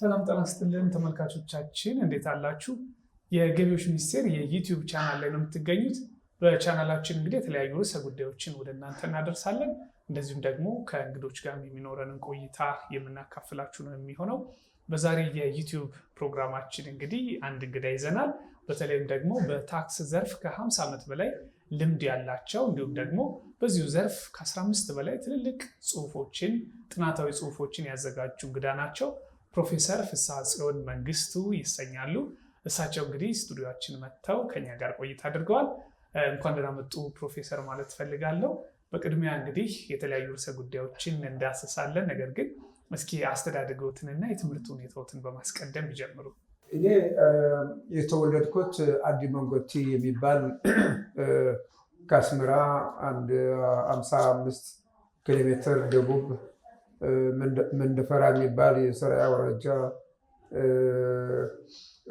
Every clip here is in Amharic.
ሰላም ጤና ይስጥልን ተመልካቾቻችን፣ እንዴት አላችሁ? የገቢዎች ሚኒስቴር የዩቲዩብ ቻናል ላይ ነው የምትገኙት። በቻናላችን እንግዲህ የተለያዩ ርዕሰ ጉዳዮችን ወደ እናንተ እናደርሳለን። እንደዚሁም ደግሞ ከእንግዶች ጋር የሚኖረንን ቆይታ የምናካፍላችሁ ነው የሚሆነው። በዛሬ የዩቲዩብ ፕሮግራማችን እንግዲህ አንድ እንግዳ ይዘናል። በተለይም ደግሞ በታክስ ዘርፍ ከ50 ዓመት በላይ ልምድ ያላቸው እንዲሁም ደግሞ በዚሁ ዘርፍ ከ15 በላይ ትልልቅ ጽሁፎችን ጥናታዊ ጽሁፎችን ያዘጋጁ እንግዳ ናቸው። ፕሮፌሰር ፍሳ ጽዮን መንግስቱ ይሰኛሉ። እሳቸው እንግዲህ ስቱዲዮችን መጥተው ከኛ ጋር ቆይታ አድርገዋል። እንኳን ደናመጡ መጡ ፕሮፌሰር ማለት ፈልጋለሁ። በቅድሚያ እንግዲህ የተለያዩ ርዕሰ ጉዳዮችን እንዳሰሳለን። ነገር ግን እስኪ አስተዳደጎትንና የትምህርት ሁኔታትን በማስቀደም ይጀምሩ። እኔ የተወለድኩት አዲ መንጎቲ የሚባል ከአስመራ አንድ 55 ኪሎ ሜትር ደቡብ መንደፈራ የሚባል የሰራያ ወረጃ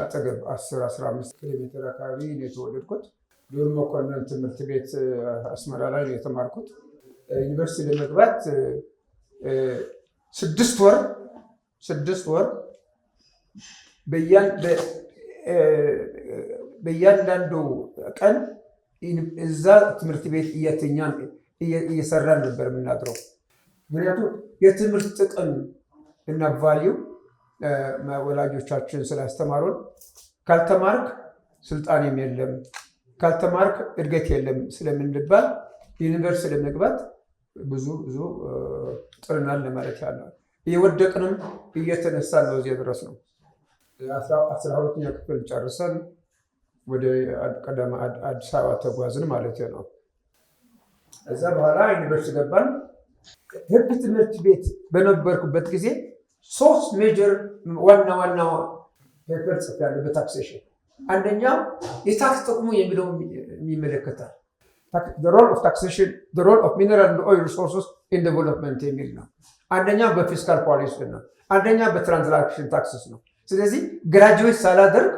አጠገብ 10 15 ኪሎ ሜትር አካባቢ ነው የተወለድኩት። ዱር መኮንን ትምህርት ቤት አስመራ ላይ ነው የተማርኩት። ዩኒቨርሲቲ ለመግባት ስድስት ወር ስድስት ወር በእያንዳንዱ ቀን እዛ ትምህርት ቤት እየተኛን እየሰራን ነበር የምናድረው። ምክንያቱም የትምህርት ጥቅም እና ቫሊዩ ወላጆቻችን ስላስተማሩን ካልተማርክ ስልጣኔም የለም ካልተማርክ እድገት የለም ስለምንባል ዩኒቨርስ ለመግባት ብዙ ብዙ ጥርናል ለማለት ያለ እየወደቅንም እየተነሳን ነው እዚህ ድረስ ነው። አስራ ሁለተኛ ክፍል ጨርሰን ወደ ቀዳማ አዲስ አበባ ተጓዝን ማለት ነው። እዛ በኋላ ዩኒቨርስ ገባን። ህግ ትምህርት ቤት በነበርኩበት ጊዜ ሶስት ሜጀር ዋና ዋና ፔፐር ጽፌያለሁ በታክሴሽን። አንደኛው የታክስ ጥቅሙ የሚለው ይመለከታል ሮል ኦፍ ታክሴሽን ሮል ኦፍ ሚነራል ኦይል ሪሶርስስ ኢን ዴቨሎፕመንት የሚል ነው። አንደኛው በፊስካል ፖሊሲ ነው። አንደኛ በትራንዛክሽን ታክስስ ነው። ስለዚህ ግራጁዌት ሳላደርግ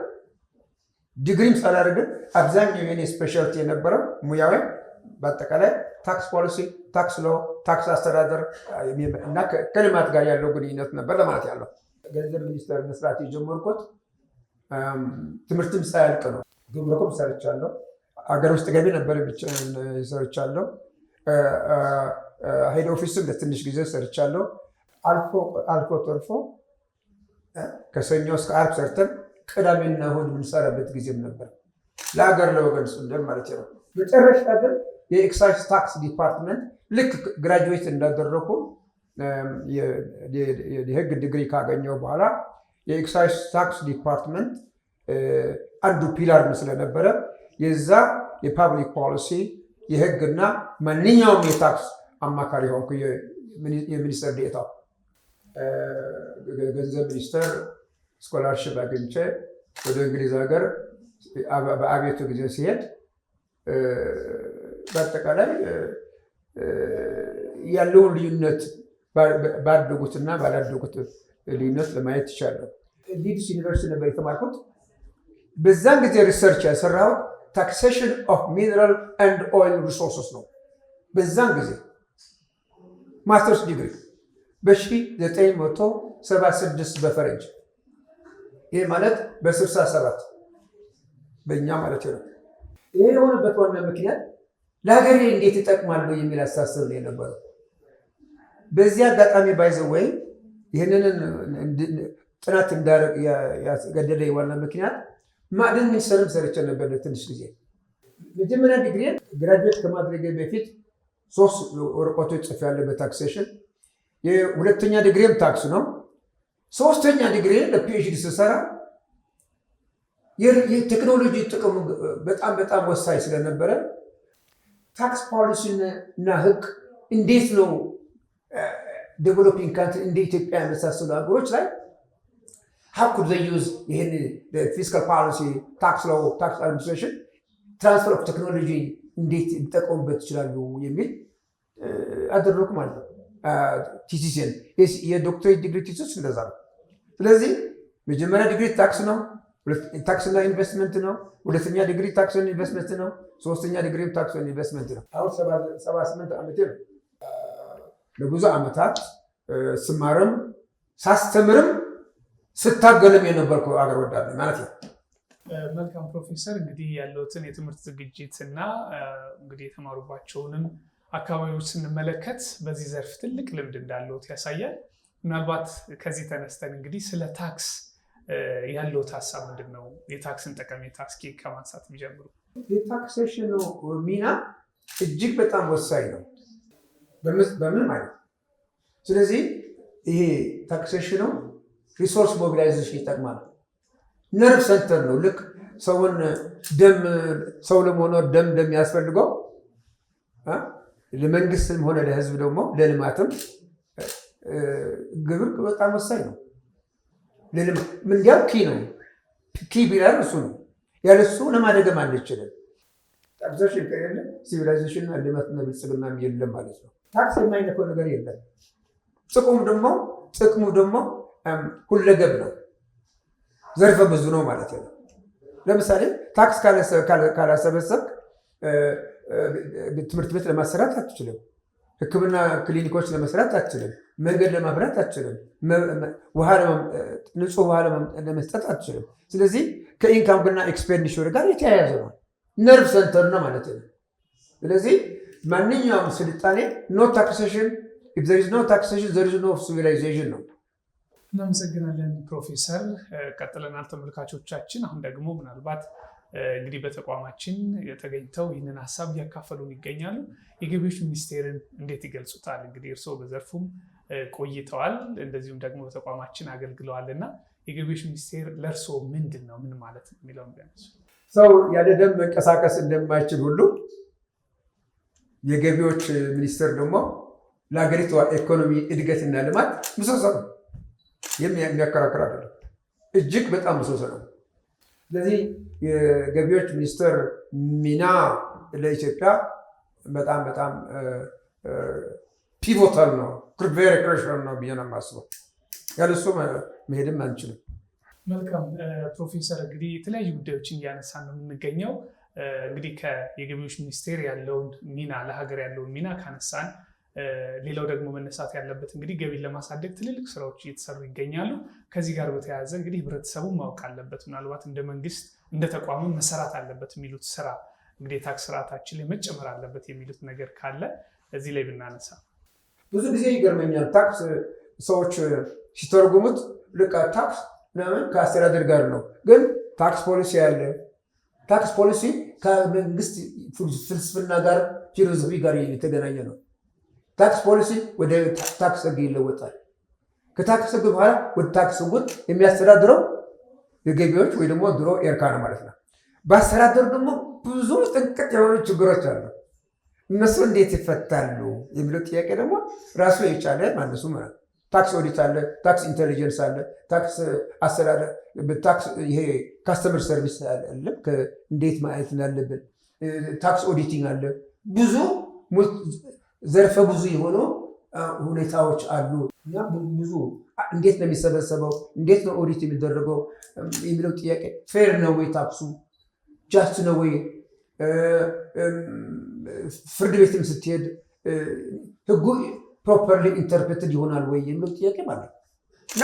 ዲግሪም ሳላደርግ አብዛኛው የኔ ስፔሻልቲ የነበረው ሙያዊ በአጠቃላይ ታክስ ፖሊሲ ታክስ ሎ ታክስ አስተዳደር እና ከልማት ጋር ያለው ግንኙነት ነበር ለማለት ያለው። ገንዘብ ሚኒስቴር መስራት የጀመርኩት ትምህርትም ሳያልቅ ነው። ግብርኩም ሰርቻለሁ። አገር ውስጥ ገቢ ነበር ሰርቻለሁ። ሄድ ኦፊስም ለትንሽ ጊዜ ሰርቻለሁ። አልፎ ተርፎ ከሰኞ እስከ አርብ ሰርተን ቅዳሜና እሑድ የምንሰራበት ጊዜም ነበር። ለሀገር ለወገን ስንል ማለት ነው። መጨረሻ ግን የኤክሳይዝ ታክስ ዲፓርትመንት ልክ ግራጁዌት እንዳደረኩ የህግ ዲግሪ ካገኘው በኋላ የኤክሳይዝ ታክስ ዲፓርትመንት አንዱ ፒላር ስለነበረ የዛ የፓብሊክ ፖሊሲ የህግና ማንኛውም የታክስ አማካሪ ሆንኩ። የሚኒስትር ዴታ ገንዘብ ሚኒስተር ስኮላርሽፕ አግኝቼ ወደ እንግሊዝ ሀገር በአቤቱ ጊዜ ሲሄድ በአጠቃላይ ያለውን ልዩነት ባደጉትና ባላደጉት ልዩነት ለማየት ይቻላል። ሊድስ ዩኒቨርሲቲ ነበር የተማርኩት። በዛን ጊዜ ሪሰርች ያሰራሁት ታክሴሽን ኦፍ ሚነራል ኤንድ ኦይል ሪሶርስስ ነው። በዛን ጊዜ ማስተርስ ዲግሪ በ1976 በፈረንጅ ይህ ማለት በ67 በእኛ ማለት ነው። ይሄ የሆነበት ዋና ምክንያት ለሀገሬ እንዴት ይጠቅማሉ የሚል አስተሳሰብ ነው የነበረው። በዚህ አጋጣሚ ወይም ይህንንን ጥናት እንዳደረግ ያስገደደ ዋና ምክንያት ማዕድን ሚኒስቴርም ሰርቼ ነበር ትንሽ ጊዜ። መጀመሪያ ዲግሪ ግራጁዌት ከማድረግ በፊት ሶስት ወረቀቶች ጽፌያለሁ በታክሴሽን። የሁለተኛ ዲግሪም ታክስ ነው። ሶስተኛ ዲግሪ ለፒኤችዲ ስሰራ የቴክኖሎጂ ጥቅሙ በጣም በጣም ወሳኝ ስለነበረ ታክስ ፖሊሲና ህግ እንዴት ነው ዴቨሎፒንግ ካንትሪ እንደ ኢትዮጵያ የመሳሰሉ ሀገሮች ላይ ሀው ኩድ ዩዝ ይህን ፊስካል ፖሊሲ ታክስ ሎው ታክስ አድሚኒስትሬሽን ትራንስፈር ኦፍ ቴክኖሎጂ እንዴት ሊጠቀሙበት ይችላሉ የሚል አደረኩ ማለት ነው። ቲሲሲን የዶክትሬት ዲግሪ ቲሲስ እንደዛ ነው። ስለዚህ መጀመሪያ ዲግሪ ታክስ ነው፣ ታክስና ኢንቨስትመንት ነው። ሁለተኛ ዲግሪ ታክስና ኢንቨስትመንት ነው። ሶስተኛ ዲግሪ ታክስ ኦን ኢንቨስትመንት ነው። አሁን ሰባ ስምንት ዓመቴ ነው። ለብዙ ዓመታት ስማርም ሳስተምርም ስታገልም የነበርኩ አገር ወዳለ ማለት ነው። መልካም ፕሮፌሰር፣ እንግዲህ ያለውትን የትምህርት ዝግጅት እና እንግዲህ የተማሩባቸውንም አካባቢዎች ስንመለከት በዚህ ዘርፍ ትልቅ ልምድ እንዳለውት ያሳያል። ምናልባት ከዚህ ተነስተን እንግዲህ ስለ ታክስ ያለውት ሀሳብ ምንድን ነው? የታክስን ጠቀሜታ እስኪ ከማንሳት የሚጀምሩ። የታክሴሽኑ ሚና እጅግ በጣም ወሳኝ ነው በምን ማለት ስለዚህ ይሄ ታክሴሽኑ ሪሶርስ ሞቢላይዜሽን ይጠቅማል። ነርቭ ሰንተር ነው። ልክ ሰውን ደም ሰው ለመኖር ደም እንደሚያስፈልገው ለመንግስትም ሆነ ለህዝብ ደግሞ ለልማትም ግብር በጣም ወሳኝ ነው። ልልም እንዲያም ኪ ነው ኪ ቢላል እሱ ነው። ያለሱ ለማደግም አንችልም። ታክሴሽን ከሌለ ሲቪላይዜሽን እና ልማትና ብልጽግና የለም ማለት ነው። ታክስ የማይነካው ነገር የለም። ጥቅሙ ደግሞ ጥቅሙ ደግሞ ሁለገብ ነው፣ ዘርፈ ብዙ ነው ማለት ነው። ለምሳሌ ታክስ ካላሰበሰብክ ትምህርት ቤት ለማሰራት አትችልም። ህክምና ክሊኒኮች ለመስራት አችልም። መንገድ ለማፍራት አችልም። ንጹህ ውሃ ለመስጠት አችልም። ስለዚህ ከኢንካም ከኢንካምና ኤክስፔንዲቸር ጋር የተያያዘ ነው። ነርቭ ሰንተር ነው ማለት ነው። ስለዚህ ማንኛውም ስልጣኔ ኖ ታክሴሽን ኢፍ ዘር ኢዝ ኖ ታክሴሽን ዘር ኢዝ ኖ ሲቪላይዜሽን ነው። እናመሰግናለን ፕሮፌሰር። ቀጥለናል ተመልካቾቻችን። አሁን ደግሞ ምናልባት እንግዲህ በተቋማችን ተገኝተው ይህንን ሀሳብ እያካፈሉን ይገኛሉ። የገቢዎች ሚኒስቴርን እንዴት ይገልጹታል? እንግዲህ እርስዎ በዘርፉም ቆይተዋል፣ እንደዚሁም ደግሞ በተቋማችን አገልግለዋል እና የገቢዎች ሚኒስቴር ለእርስዎ ምንድን ነው? ምን ማለት ነው የሚለው ሰው ያለ መንቀሳቀስ እንደማይችል ሁሉ የገቢዎች ሚኒስቴር ደግሞ ለሀገሪቷ ኢኮኖሚ እድገትና ልማት ምሰሶ ነው። የሚያከራክር አይደለም፣ እጅግ በጣም ምሰሶ ነው። ስለዚህ የገቢዎች ሚኒስቴር ሚና ለኢትዮጵያ በጣም በጣም ፒቮታል ነው፣ ቬሪ ክሩሻል ነው ብዬ ነው የማስበው። ያለሱ መሄድም አንችልም። መልካም ፕሮፌሰር፣ እንግዲህ የተለያዩ ጉዳዮችን እያነሳ ነው የምንገኘው። እንግዲህ የገቢዎች ሚኒስቴር ያለውን ሚና ለሀገር ያለውን ሚና ካነሳን፣ ሌላው ደግሞ መነሳት ያለበት እንግዲህ ገቢን ለማሳደግ ትልልቅ ስራዎች እየተሰሩ ይገኛሉ። ከዚህ ጋር በተያያዘ እንግዲህ ህብረተሰቡ ማወቅ አለበት ምናልባት እንደ መንግስት እንደ ተቋሙ መሰራት አለበት የሚሉት ስራ እንግዲህ የታክስ ስርዓታችን ላይ መጨመር አለበት የሚሉት ነገር ካለ እዚህ ላይ ብናነሳ ብዙ ጊዜ ይገርመኛል። ታክስ ሰዎች ሲተረጉሙት ልቃ ታክስ ምናምን ከአስተዳደር ጋር ነው። ግን ታክስ ፖሊሲ ያለ ታክስ ፖሊሲ ከመንግስት ፍልስፍና ጋር ፊሎዞፊ ጋር የተገናኘ ነው። ታክስ ፖሊሲ ወደ ታክስ ህግ ይለወጣል። ከታክስ ህግ በኋላ ወደ ታክስ ህጉን የሚያስተዳድረው የገቢዎች ወይ ደግሞ ድሮ ኤርካን ማለት ነው። በአስተዳደሩ ደግሞ ብዙ ጥንቅጥ የሆኑ ችግሮች አሉ። እነሱ እንዴት ይፈታሉ የሚለው ጥያቄ ደግሞ ራሱ የቻለ ማነሱ ታክስ ኦዲት አለ፣ ታክስ ኢንቴሊጀንስ አለ፣ ታክስ አስተዳደር፣ ታክስ ይሄ ካስተመር ሰርቪስ አለ። እንዴት ማየት እንዳለብን ታክስ ኦዲቲንግ አለ። ብዙ ዘርፈ ብዙ የሆኑ ሁኔታዎች አሉ ብዙ እንዴት ነው የሚሰበሰበው? እንዴት ነው ኦዲት የሚደረገው የሚለው ጥያቄ ፌር ነው ወይ? ታክሱ ጃስት ነው ወይ? ፍርድ ቤትም ስትሄድ ህጉ ፕሮፐርሊ ኢንተርፕሬትድ ይሆናል ወይ የሚለው ጥያቄ ማለት ነው። እና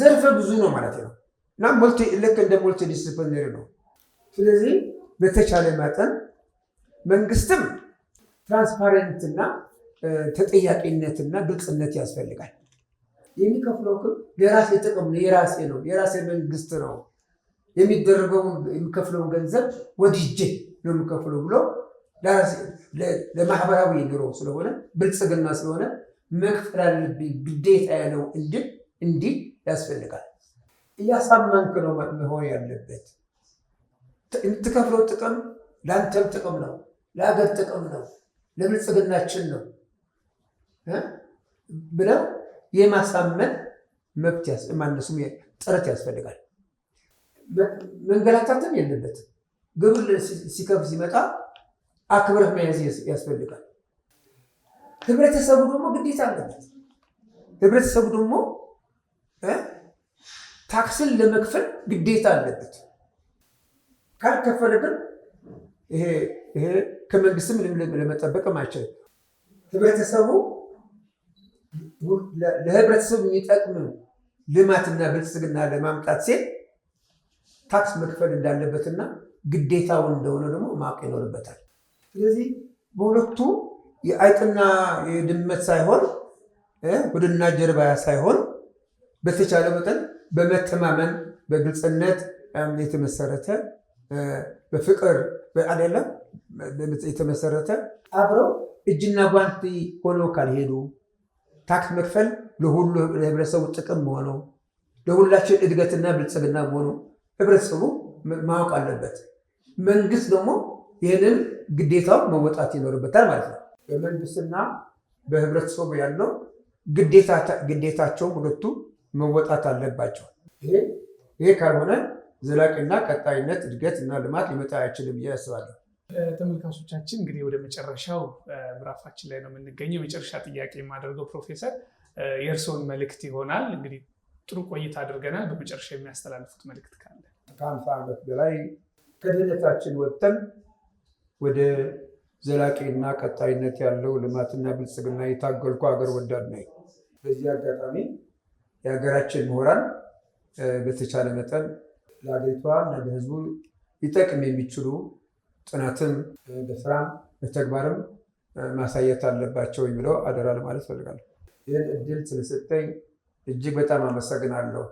ዘርፈ ብዙ ነው ማለት ነው። እና ልክ እንደ ሞልቲ ዲስፕሊነሪ ነው። ስለዚህ በተቻለ መጠን መንግስትም ትራንስፓረንትና ተጠያቂነትና ግልጽነት ያስፈልጋል። የሚከፍለው ግን የራሴ ጥቅም ነው፣ የራሴ ነው፣ የራሴ መንግስት ነው የሚደረገውን የሚከፍለውን ገንዘብ ወድጄ ነው የሚከፍለው ብሎ ለማህበራዊ ኑሮ ስለሆነ ብልጽግና ስለሆነ መክፈል አለብኝ ግዴታ ያለው እንድን እንዲህ ያስፈልጋል። እያሳመንክ ነው መሆን ያለበት። የምትከፍለው ጥቅም ለአንተም ጥቅም ነው፣ ለሀገር ጥቅም ነው፣ ለብልጽግናችን ነው ብለው የማሳመን መብት ማነሱም ጥረት ያስፈልጋል። መንገላታትም የለበት ግብር ሲከፍ ሲመጣ አክብረህ መያዝ ያስፈልጋል። ህብረተሰቡ ደግሞ ግዴታ አለበት። ህብረተሰቡ ደግሞ ታክስን ለመክፈል ግዴታ አለበት። ካልከፈለ ግን ይሄ ከመንግስትም ለመጠበቅም አይችልም ህብረተሰቡ ለህብረተሰቡ የሚጠቅም ልማትና ብልጽግና ለማምጣት ሲል ታክስ መክፈል እንዳለበትና ግዴታው እንደሆነ ደግሞ ማወቅ ይኖርበታል። ስለዚህ በሁለቱ የአይጥና የድመት ሳይሆን ሆድና ጀርባ ሳይሆን በተቻለ መጠን በመተማመን በግልጽነት የተመሰረተ በፍቅር አይደለም የተመሰረተ አብረው እጅና ጓንቲ ሆነው ካልሄዱ ታክስ መክፈል ለሁሉ ለህብረተሰቡ ጥቅም መሆነው ለሁላችን እድገትና ብልጽግና መሆኑ ህብረተሰቡ ማወቅ አለበት። መንግስት ደግሞ ይህንን ግዴታው መወጣት ይኖርበታል ማለት ነው። በመንግስትና በህብረተሰቡ ያለው ግዴታቸው ሁለቱ መወጣት አለባቸው። ይሄ ካልሆነ ዘላቂና ቀጣይነት እድገት እና ልማት ሊመጣ አይችልም ብዬ አስባለሁ። ተመልካቾቻችን እንግዲህ ወደ መጨረሻው ምዕራፋችን ላይ ነው የምንገኘው። የመጨረሻ ጥያቄ የማደርገው ፕሮፌሰር የእርስዎን መልእክት ይሆናል። እንግዲህ ጥሩ ቆይታ አድርገናል። በመጨረሻ የሚያስተላልፉት መልእክት ካለ? ከአምሳ ዓመት በላይ ከድህነታችን ወጥተን ወደ ዘላቂና ቀጣይነት ያለው ልማትና ብልጽግና የታገልኩ ሀገር ወዳድ ነኝ። በዚህ አጋጣሚ የሀገራችን ምሁራን በተቻለ መጠን ለሀገሪቷ እና ለሕዝቡ ሊጠቅም የሚችሉ ጥናትም በስራም በተግባርም ማሳየት አለባቸው የሚለው አደራ ለማለት ፈልጋለሁ። ይህን እድል ስለሰጠኝ እጅግ በጣም አመሰግናለሁ።